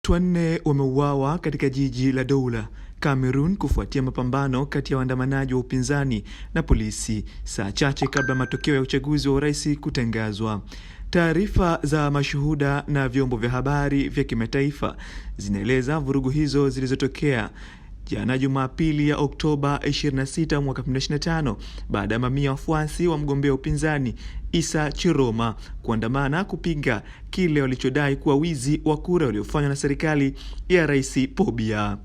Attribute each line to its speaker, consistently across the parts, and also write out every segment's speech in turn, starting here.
Speaker 1: Watu wanne wameuawa katika jiji la Douala, Cameroon kufuatia mapambano kati ya waandamanaji wa upinzani na polisi saa chache kabla matokeo ya uchaguzi wa urais kutangazwa. Taarifa za mashuhuda na vyombo vya habari vya kimataifa zinaeleza vurugu hizo zilizotokea jana Jumapili ya Oktoba 26 mwaka 2025 baada ya mamia wafuasi wa mgombea upinzani Isa Chiroma kuandamana kupinga kile walichodai kuwa wizi wa kura uliofanywa na serikali ya Rais Pobia.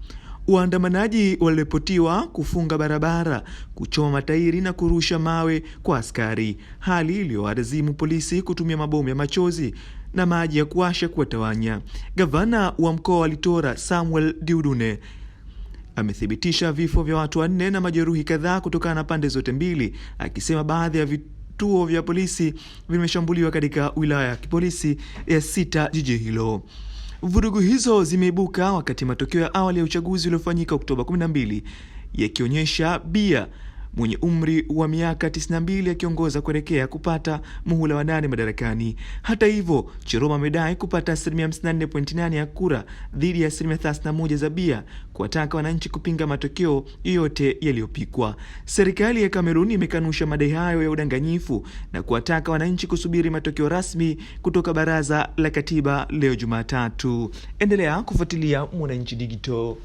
Speaker 1: Waandamanaji waliripotiwa kufunga barabara, kuchoma matairi na kurusha mawe kwa askari, hali iliyowalazimu polisi kutumia mabomu ya machozi na maji ya kuasha kuwatawanya. Gavana wa mkoa wa Litora Samuel Diudune amethibitisha vifo vya watu wanne na majeruhi kadhaa kutokana na pande zote mbili, akisema baadhi ya vituo vya polisi vimeshambuliwa katika wilaya ya kipolisi ya sita jiji hilo. Vurugu hizo zimeibuka wakati matokeo ya awali ya uchaguzi uliofanyika Oktoba 12 yakionyesha bia mwenye umri wa miaka 92 akiongoza kuelekea kupata muhula wa nane madarakani. Hata hivyo, Chiroma amedai kupata asilimia 54.8 ya kura dhidi ya asilimia 31 za bia kuwataka wananchi kupinga matokeo yoyote yaliyopikwa. Serikali ya Kamerun imekanusha madai hayo ya udanganyifu na kuwataka wananchi kusubiri matokeo rasmi kutoka Baraza la Katiba leo Jumatatu. Endelea kufuatilia Mwananchi Digital.